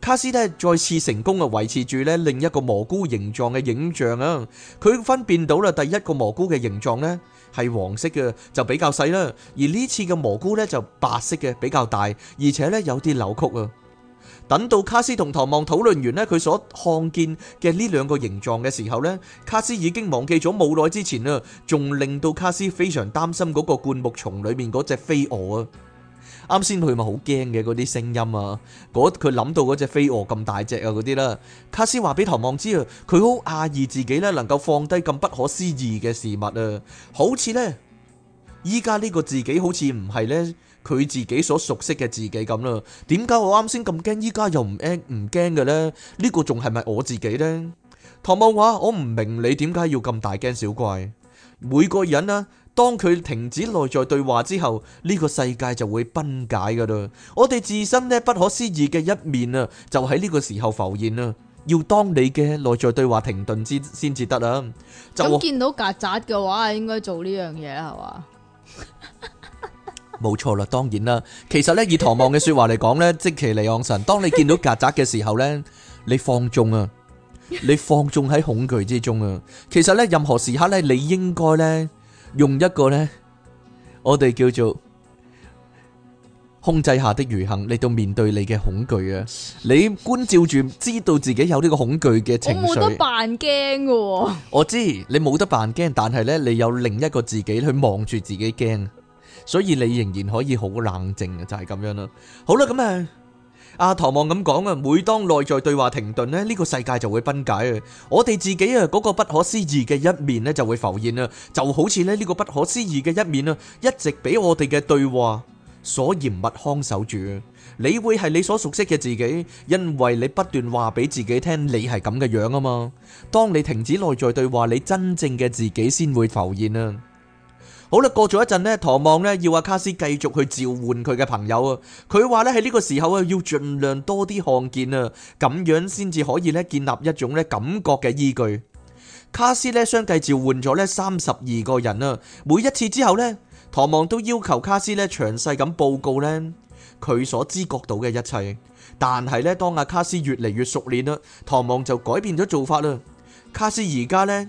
卡斯咧再次成功啊維持住咧另一個蘑菇形狀嘅影像啊，佢分辨到啦第一個蘑菇嘅形狀咧係黃色嘅就比較細啦，而呢次嘅蘑菇咧就白色嘅比較大，而且咧有啲扭曲啊。等到卡斯同唐望討論完咧佢所看見嘅呢兩個形狀嘅時候咧，卡斯已經忘記咗冇耐之前啊，仲令到卡斯非常擔心嗰個灌木叢裏面嗰隻飛蛾啊。啱先佢咪好驚嘅嗰啲聲音啊，佢諗到嗰隻飛蛾咁大隻啊嗰啲啦。卡斯話俾唐望知啊，佢好訝異自己呢能夠放低咁不可思議嘅事物啊，好似呢，依家呢個自己好似唔係呢佢自己所熟悉嘅自己咁啦。點解我啱先咁驚，依家又唔驚唔驚嘅呢？呢個仲係咪我自己呢？唐望話，我唔明你點解要咁大驚小怪，每個人啊。當佢停止內在對話之後，呢個世界就會崩解噶啦。我哋自身呢，不可思議嘅一面啊，就喺呢個時候浮現啦。要當你嘅內在對話停頓之先至得啦。咁見到曱甴嘅話，應該做呢樣嘢係嘛？冇錯啦，當然啦。其實呢，以唐望嘅說話嚟講呢， 即其尼盎神，當你見到曱甴嘅時候呢，你放縱啊， 你放縱喺恐懼之中啊。其實呢，任何時刻呢，你應該呢，用一個呢，我哋叫做控制下的愚行嚟到面對你嘅恐懼啊！你觀照住，知道自己有呢個恐懼嘅情緒。我冇得扮驚嘅。我知你冇得扮驚，但係呢，你有另一個自己去望住自己驚，所以你仍然可以好冷靜嘅，就係、是、咁樣啦。好啦，咁啊、嗯。阿唐望咁講啊，每當內在對話停頓呢，呢個世界就會崩解啊。我哋自己啊，嗰個不可思議嘅一面呢，就會浮現啊。就好似呢，呢個不可思議嘅一面啊，一直俾我哋嘅對話所嚴密看守住。你會係你所熟悉嘅自己，因為你不斷話俾自己聽你係咁嘅樣啊嘛。當你停止內在對話，你真正嘅自己先會浮現啊。好啦，過咗一陣呢，唐望呢要阿卡斯繼續去召喚佢嘅朋友啊。佢話呢，喺呢個時候啊，要盡量多啲看見啊，咁樣先至可以呢建立一種呢感覺嘅依據。卡斯呢相繼召喚咗呢三十二個人啊，每一次之後呢，唐望都要求卡斯呢詳細咁報告呢佢所知覺到嘅一切。但係呢，當阿卡斯越嚟越熟練啦，唐望就改變咗做法啦。卡斯而家呢。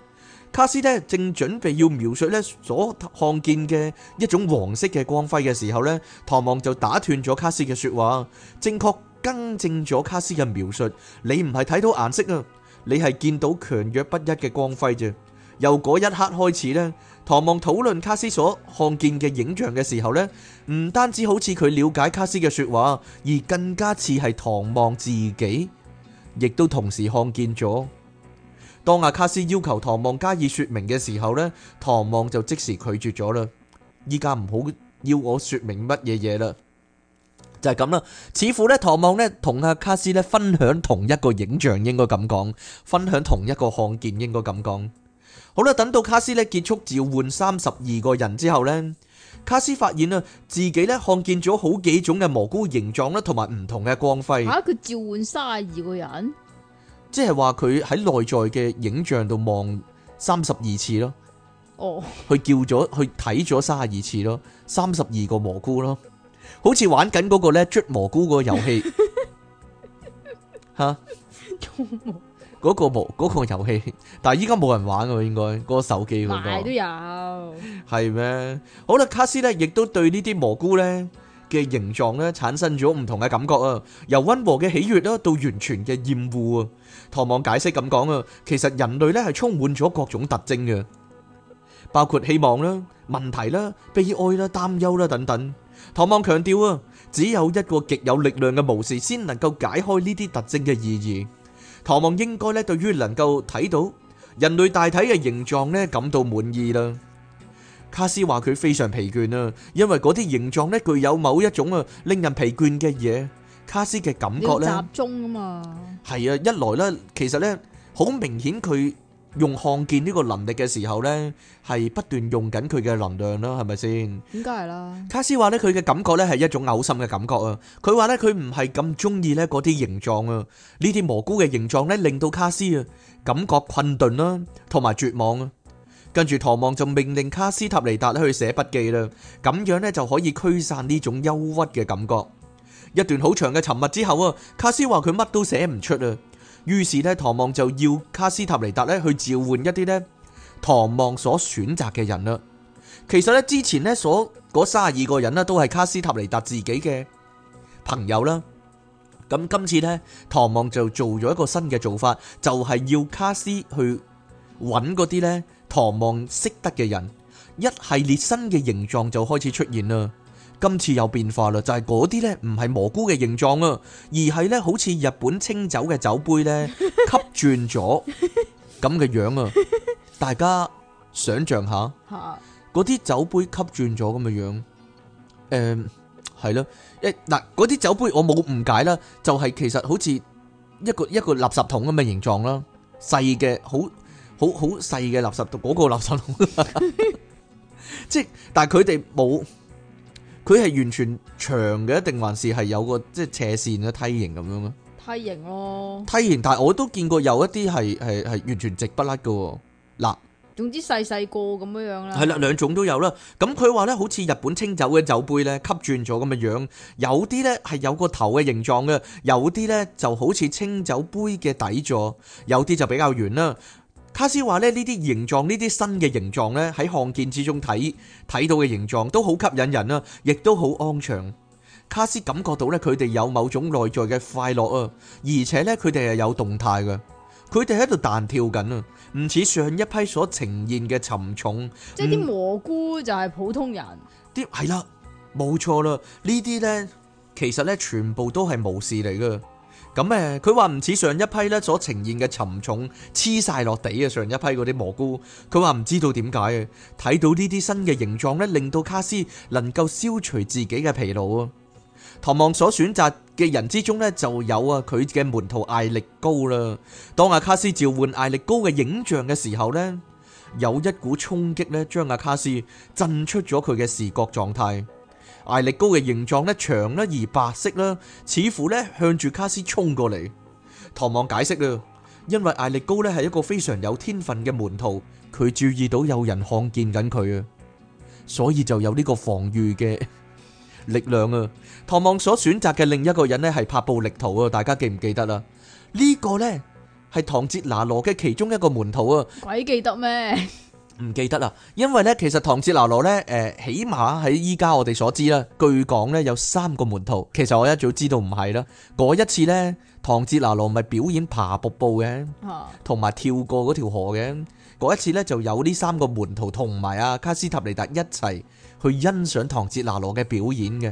卡斯咧正準備要描述咧所看見嘅一種黃色嘅光輝嘅時候咧，唐望就打斷咗卡斯嘅說話，正確更正咗卡斯嘅描述。你唔係睇到顏色啊，你係見到強弱不一嘅光輝啫。由嗰一刻開始咧，唐望討論卡斯所看見嘅影像嘅時候咧，唔單止好似佢了解卡斯嘅說話，而更加似係唐望自己亦都同時看見咗。當阿卡斯要求唐望加以說明嘅時候呢，唐望就即時拒絕咗啦。依家唔好要我說明乜嘢嘢啦，就係咁啦。似乎呢，唐望呢同阿卡斯呢分享同一個影像，應該咁講，分享同一個看見，應該咁講。好啦，等到卡斯呢結束召喚三十二個人之後呢，卡斯發現啊自己呢看見咗好幾種嘅蘑菇形狀啦，同埋唔同嘅光輝。吓，佢召喚三十二個人。即係話佢喺內在嘅影像度望三十二次咯，哦，佢叫咗去睇咗三十二次咯，三十二個蘑菇咯，好似玩緊嗰個咧捉蘑菇嗰個遊戲吓，捉蘑菇嗰個蘑嗰個遊戲，但係依家冇人玩噶應該，嗰個手機好多都有，係咩？好啦，卡斯咧亦都對呢啲蘑菇咧。嘅形狀咧，產生咗唔同嘅感覺啊，由溫和嘅喜悅啦，到完全嘅厭惡啊。唐望解釋咁講啊，其實人類咧係充滿咗各種特徵嘅，包括希望啦、問題啦、悲哀啦、擔憂啦等等。唐望強調啊，只有一個極有力量嘅模式先能夠解開呢啲特徵嘅意義。唐望應該咧對於能夠睇到人類大體嘅形狀咧感到滿意啦。卡斯話佢非常疲倦啊，因為嗰啲形狀咧具有某一種啊令人疲倦嘅嘢。卡斯嘅感覺咧，要集中啊嘛。係啊，一來咧，其實咧好明顯佢用看見呢個能力嘅時候咧，係不斷用緊佢嘅能量啦，係咪先？應該係啦。卡斯話咧佢嘅感覺咧係一種嘔心嘅感覺啊。佢話咧佢唔係咁中意咧嗰啲形狀啊，呢啲蘑菇嘅形狀咧令到卡斯啊感覺困頓啦，同埋絕望啊。跟住唐望就命令卡斯塔尼達咧去寫筆記啦，咁樣呢就可以驅散呢種憂鬱嘅感覺。一段好長嘅沉默之後啊，卡斯話佢乜都寫唔出啊，於是呢，唐望就要卡斯塔尼達咧去召喚一啲呢唐望所選擇嘅人啦。其實呢，之前呢，所嗰卅二個人呢都係卡斯塔尼達自己嘅朋友啦。咁今次呢，唐望就做咗一個新嘅做法，就係、是、要卡斯去揾嗰啲呢。唐望識得嘅人，一系列新嘅形狀就開始出現啦。今次有變化啦，就係嗰啲呢唔係蘑菇嘅形狀啊，而係呢好似日本清酒嘅酒杯呢吸轉咗咁嘅樣啊。大家想象下，嗰啲酒杯吸轉咗咁嘅樣，誒，係咯，誒，嗱，嗰啲酒杯我冇誤解啦，就係其實好似一個一個垃圾桶咁嘅形狀啦，細嘅好好好細嘅垃圾桶，嗰、那個垃圾桶。 即係但係佢哋冇，佢係完全長嘅，定還是係有個即係斜線嘅梯形咁樣咯？梯形咯、啊，梯形。但係我都見過有一啲係係係完全直不甩嘅，嗱，總之細細個咁樣樣啦。係啦，兩種都有啦。咁佢話咧，好似日本清酒嘅酒杯咧，吸轉咗咁嘅樣，有啲咧係有個頭嘅形狀嘅，有啲咧就好似清酒杯嘅底座，有啲就比較圓啦。卡斯話咧呢啲形狀，呢啲新嘅形狀咧喺看見之中睇睇到嘅形狀都好吸引人啊，亦都好安詳。卡斯感覺到咧佢哋有某種內在嘅快樂啊，而且咧佢哋係有動態嘅，佢哋喺度彈跳緊啊，唔似上一批所呈現嘅沉重，即係啲蘑菇就係普通人啲係啦，冇錯啦，呢啲咧其實咧全部都係無視嚟噶。咁誒，佢話唔似上一批咧所呈現嘅沉重黐晒落地啊！上一批嗰啲蘑菇，佢話唔知道點解啊！睇到呢啲新嘅形狀咧，令到卡斯能夠消除自己嘅疲勞啊！唐望所選擇嘅人之中咧，就有啊佢嘅門徒艾力高啦。當阿卡斯召喚艾力高嘅影像嘅時候咧，有一股衝擊咧，將阿卡斯震出咗佢嘅視覺狀態。艾力高嘅形狀咧，長啦，而白色啦，似乎咧，向住卡斯衝過嚟。唐望解釋啊，因為艾力高咧係一個非常有天分嘅門徒，佢注意到有人看見緊佢啊，所以就有呢個防禦嘅力量啊。唐望所選擇嘅另一個人咧係帕布力圖啊，大家記唔記得啦？呢、呢個呢係唐哲拿羅嘅其中一個門徒啊。鬼記得咩？唔記得啦，因為呢其實唐哲拿羅呢，誒，起碼喺依家我哋所知啦，據講呢有三個門徒，其實我一早知道唔係啦。嗰一次呢，唐哲拿羅咪表演爬瀑布嘅，同埋跳過嗰條河嘅。嗰一次呢就有呢三個門徒同埋阿卡斯塔尼達一齊去欣賞唐哲拿羅嘅表演嘅。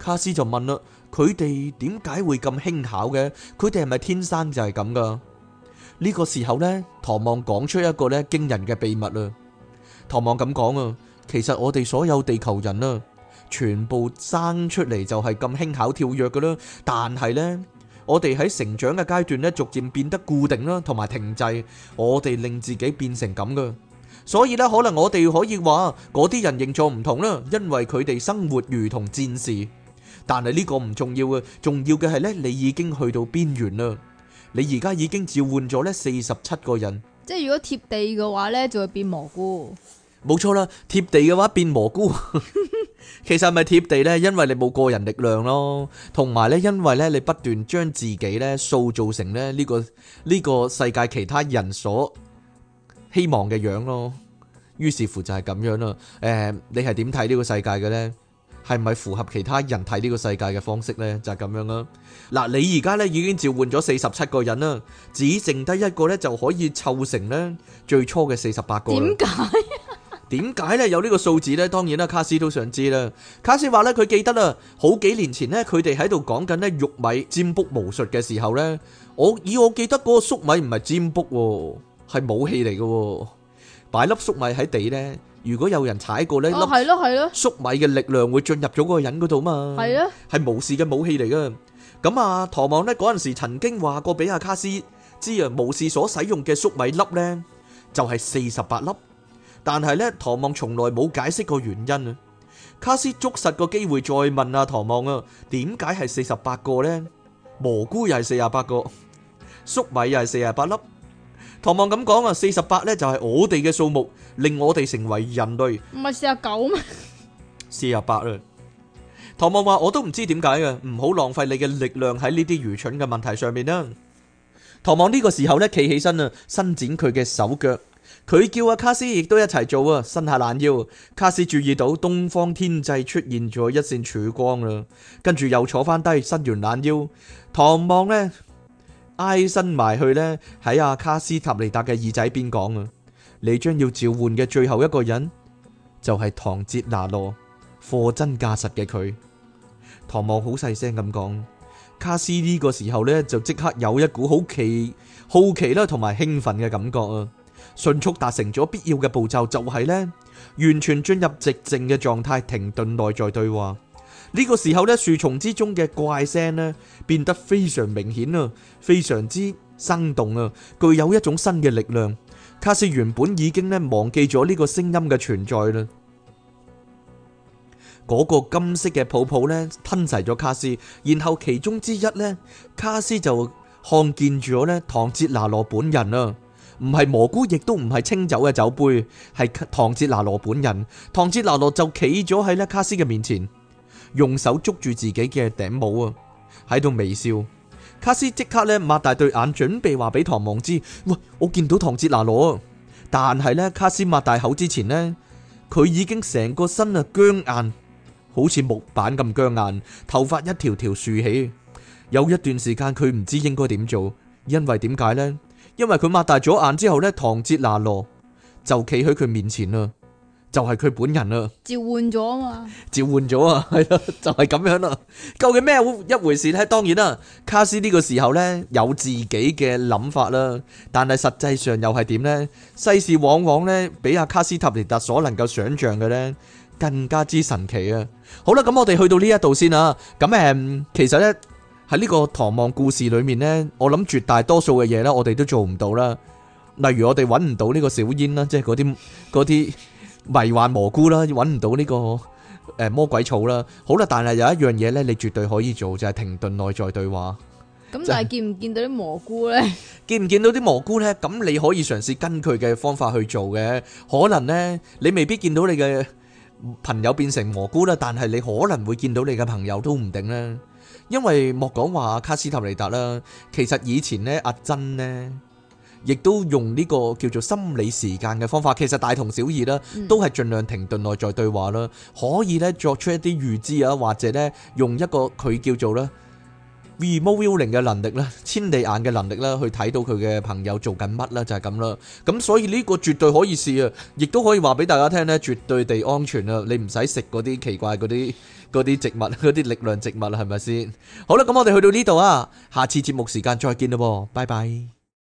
卡斯就問啦：佢哋點解會咁輕巧嘅？佢哋係咪天生就係咁噶？呢個時候咧，唐望講出一個咧驚人嘅秘密啦。唐望咁講啊，其實我哋所有地球人啊，全部生出嚟，就係咁輕巧跳躍噶啦。但係咧，我哋喺成長嘅階段咧，逐漸變得固定啦，同埋停滯。我哋令自己變成咁噶，所以咧，可能我哋可以話嗰啲人形狀唔同啦，因為佢哋生活如同戰士。但係呢個唔重要嘅，重要嘅係咧，你已經去到邊緣啦。你而家已經召喚咗咧四十七個人，即係如果貼地嘅話咧，就會變蘑菇。冇錯啦，貼地嘅話變蘑菇。其實係咪貼地咧？因為你冇個人力量咯，同埋咧，因為咧你不斷將自己咧塑造成咧呢個呢個世界其他人所希望嘅樣咯。於是乎就係咁樣啦。誒，你係點睇呢個世界嘅咧？係咪符合其他人睇呢個世界嘅方式咧？就係咁樣啦。嗱，你而家咧已經召喚咗四十七個人啦，只剩低一個咧就可以湊成咧最初嘅四十八個。點解？點解咧？有呢個數字咧？當然啦，卡斯都想知啦。卡斯話咧，佢記得啦，好幾年前咧，佢哋喺度講緊咧玉米占卜巫術嘅時候咧，我以我記得嗰個粟米唔係占卜，係武器嚟嘅，擺粒粟米喺地咧。如果有人踩過咧，粒粟米嘅力量會進入咗嗰個人嗰度嘛？係咧，係巫士嘅武器嚟噶。咁啊，唐望咧嗰陣時曾經話過俾阿卡斯知啊，巫士所使用嘅粟米粒咧就係四十八粒，但係咧唐望從來冇解釋過原因啊。卡斯捉實個機會再問阿唐望啊，點解係四十八個咧？蘑菇又係四十八個，粟米又係四十八粒。唐望咁講啊，四十八咧就係我哋嘅數目，令我哋成為人類。唔係四十九咩？四十八啦。唐望話：我都唔知點解啊，唔好浪費你嘅力量喺呢啲愚蠢嘅問題上面啦。唐望呢個時候咧，企起身啊，伸展佢嘅手腳。佢叫阿卡斯亦都一齊做啊，伸下懶腰。卡斯注意到東方天際出現咗一線曙光啦，跟住又坐翻低，伸完懶腰。唐望呢。挨身埋去呢，喺阿卡斯塔尼達嘅耳仔邊講啊！你將要召喚嘅最後一個人就係、是、唐哲拿羅，貨真價實嘅佢。唐望好細聲咁講，卡斯呢個時候呢，就即刻有一股好奇、好奇啦同埋興奮嘅感覺啊！迅速達成咗必要嘅步驟，就係、是、呢，完全進入寂靜嘅狀態，停頓內在對話。呢個時候咧，樹叢之中嘅怪聲呢，變得非常明顯啊，非常之生動啊，具有一種新嘅力量。卡斯原本已經咧忘記咗呢個聲音嘅存在啦。嗰個金色嘅泡泡咧吞噬咗卡斯，然後其中之一呢，卡斯就看見住咗咧唐哲拿羅本人啊，唔係蘑菇，亦都唔係清酒嘅酒杯，係唐哲拿羅本人。唐哲拿羅就企咗喺咧卡斯嘅面前。用手捉住自己嘅頂帽啊，喺度微笑。卡斯即刻咧擘大對眼，準備話俾唐望知：喂，我見到唐哲拿羅。但係咧，卡斯擘大口之前咧，佢已經成個身啊僵硬，好似木板咁僵硬，頭髮一條條豎起。有一段時間佢唔知應該點做，因為點解咧？因為佢擘大咗眼之後咧，唐哲拿羅就企喺佢面前啦。就係佢本人啦，召喚咗啊嘛，召喚咗啊，係咯，就係咁樣啦。究竟咩一回事咧？當然啦，卡斯呢個時候咧有自己嘅諗法啦，但係實際上又係點咧？世事往往咧比阿卡斯塔尼達所能夠想象嘅咧更加之神奇啊！好啦，咁我哋去到呢一度先啦。咁誒，其實咧喺呢個《唐望故事》裏面咧，我諗絕大多數嘅嘢咧，我哋都做唔到啦。例如我哋搵唔到呢個小煙啦，即係嗰啲嗰啲。迷幻蘑菇啦，搵唔到呢個誒魔鬼草啦，好啦，但係有一樣嘢，咧，你絕對可以做，就係停頓內在對話。咁但係見唔見到啲蘑菇咧？見唔見到啲蘑菇咧？咁你可以嘗試跟佢嘅方法去做嘅，可能咧你未必見到你嘅朋友變成蘑菇啦，但係你可能會見到你嘅朋友都唔定啦，因為莫講話卡斯塔尼達啦，其實以前咧阿珍咧。亦都用呢個叫做心理時間嘅方法，其實大同小異啦，都係盡量停頓內在對話啦，可以咧作出一啲預知啊，或者咧用一個佢叫做咧 remote viewing 嘅能力啦，千里眼嘅能力啦，去睇到佢嘅朋友做緊乜啦，就係咁啦。咁所以呢個絕對可以試啊，亦都可以話俾大家聽咧，絕對地安全啊，你唔使食嗰啲奇怪嗰啲嗰啲植物嗰啲力量植物啦，係咪先？好啦，咁我哋去到呢度啊，下次節目時間再見咯，拜拜。